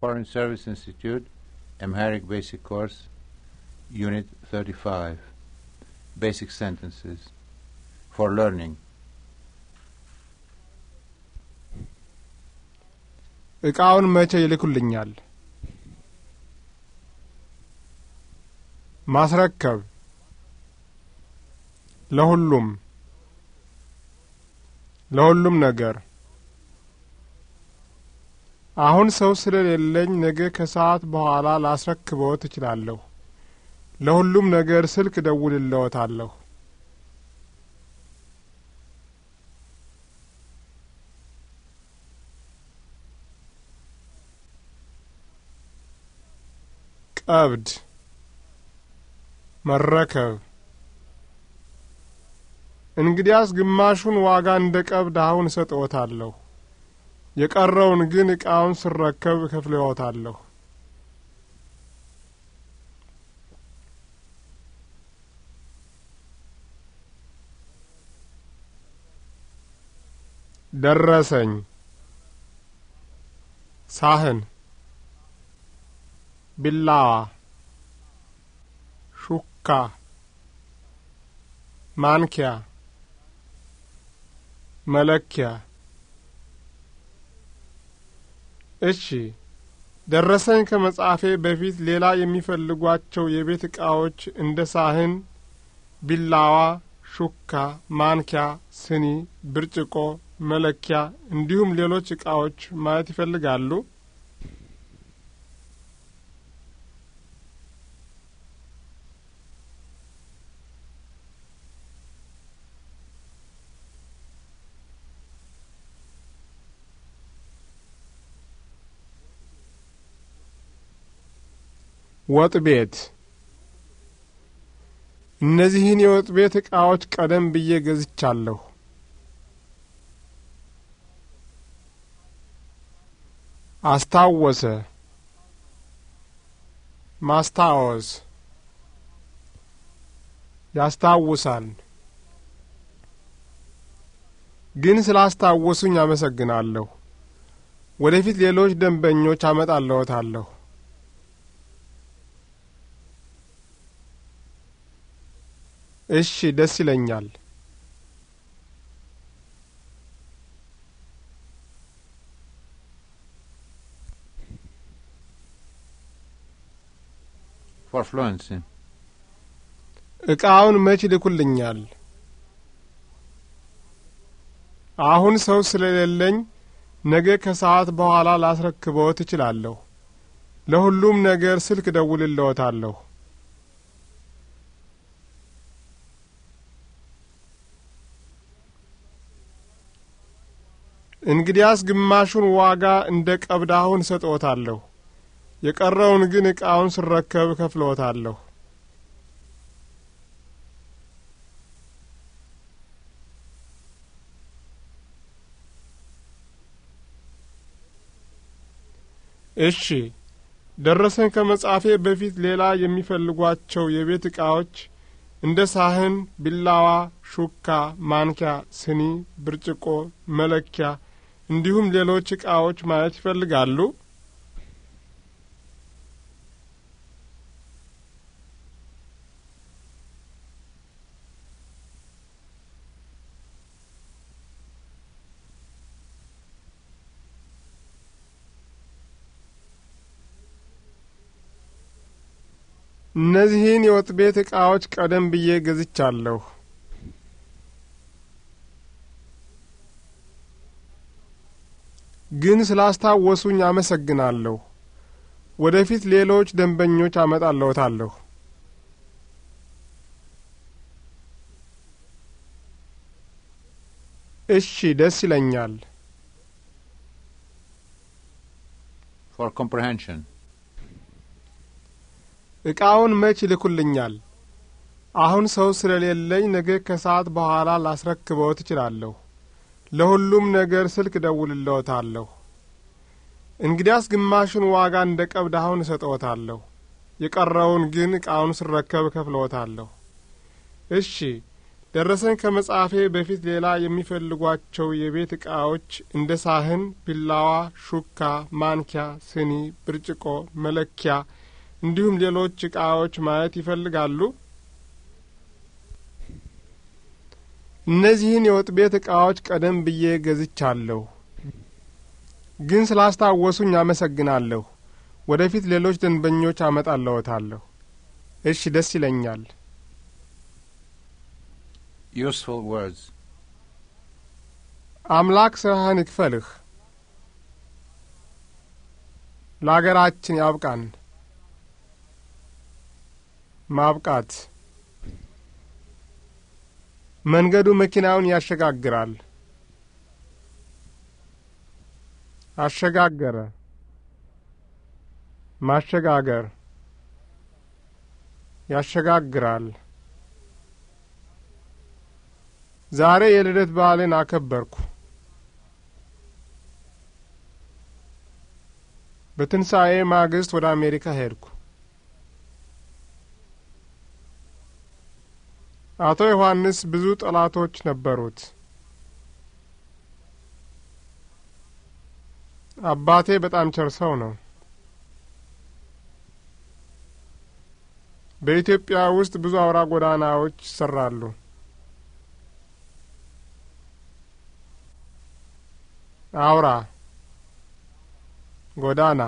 Foreign Service Institute, Amharic Basic Course, Unit 35, Basic Sentences for Learning. እቃውን መቼ ይልኩልኛል? ማስረከብ ለሁሉም ለሁሉም ነገር አሁን ሰው ስለሌለኝ ነገ ከሰዓት በኋላ ላስረክበው እችላለሁ። ለሁሉም ነገር ስልክ ደውልለወታለሁ። ቀብድ መረከብ። እንግዲያስ ግማሹን ዋጋ እንደ ቀብድ አሁን እሰጥዎታለሁ። የቀረውን ግን እቃውን ስረከብ እከፍልዎታለሁ። ደረሰኝ ሳህን ቢላዋ ሹካ ማንኪያ መለኪያ እሺ። ደረሰኝ ከመጻፌ በፊት ሌላ የሚፈልጓቸው የቤት ዕቃዎች እንደ ሳህን፣ ቢላዋ፣ ሹካ፣ ማንኪያ፣ ስኒ፣ ብርጭቆ፣ መለኪያ እንዲሁም ሌሎች ዕቃዎች ማየት ይፈልጋሉ? ወጥ ቤት እነዚህን የወጥ ቤት ዕቃዎች ቀደም ብዬ ገዝቻለሁ። አስታወሰ፣ ማስታወስ፣ ያስታውሳል። ግን ስላስታወሱኝ አመሰግናለሁ። ወደፊት ሌሎች ደንበኞች አመጣለሁታለሁ። እሺ፣ ደስ ይለኛል። for እቃውን መች ይልኩልኛል? አሁን ሰው ስለሌለኝ ነገ ከሰዓት በኋላ ላስረክበው ትችላለሁ። ለሁሉም ነገር ስልክ ደውልለዎታለሁ። እንግዲያስ ግማሹን ዋጋ እንደ ቀብዳሁን ሰጥዎታለሁ፣ የቀረውን ግን ዕቃውን ስረከብ ከፍለዎታለሁ። እሺ፣ ደረሰኝ ከመጻፌ በፊት ሌላ የሚፈልጓቸው የቤት ዕቃዎች እንደ ሳህን፣ ቢላዋ፣ ሹካ፣ ማንኪያ፣ ስኒ፣ ብርጭቆ፣ መለኪያ እንዲሁም ሌሎች ዕቃዎች ማየት ይፈልጋሉ? እነዚህን የወጥ ቤት ዕቃዎች ቀደም ብዬ ገዝቻለሁ። ግን ስላስታወሱኝ አመሰግናለሁ። ወደፊት ሌሎች ደንበኞች አመጣለሁታለሁ። እሺ፣ ደስ ይለኛል። for እቃውን መች ይልኩልኛል? አሁን ሰው ስለሌለኝ ነገ ከሰዓት በኋላ ላስረክበው ትችላለሁ። ለሁሉም ነገር ስልክ ደውልለዎታለሁ። እንግዲያስ ግማሹን ዋጋ እንደ ቀብድ አሁን የቀረውን ግን ዕቃውን ስረከብ እከፍልዎታለሁ። እሺ፣ ደረሰኝ ከመጻፌ በፊት ሌላ የሚፈልጓቸው የቤት ዕቃዎች እንደ ሳህን፣ ቢላዋ፣ ሹካ፣ ማንኪያ፣ ስኒ፣ ብርጭቆ፣ መለኪያ እንዲሁም ሌሎች ዕቃዎች ማየት ይፈልጋሉ? እነዚህን የወጥ ቤት ዕቃዎች ቀደም ብዬ ገዝቻለሁ፣ ግን ስላስታወሱኝ አመሰግናለሁ። ወደፊት ሌሎች ደንበኞች አመጣለዎታለሁ። እሺ፣ ደስ ይለኛል። ዩስፉል ወርድስ አምላክ ስራህን ይክፈልህ። ለአገራችን ያብቃን። ማብቃት መንገዱ መኪናውን ያሸጋግራል። አሸጋገረ፣ ማሸጋገር፣ ያሸጋግራል። ዛሬ የልደት በዓልን አከበርኩ። በትንሣኤ ማግስት ወደ አሜሪካ ሄድኩ። አቶ ዮሐንስ ብዙ ጠላቶች ነበሩት። አባቴ በጣም ቸር ሰው ነው። በኢትዮጵያ ውስጥ ብዙ አውራ ጎዳናዎች ይሰራሉ። አውራ ጎዳና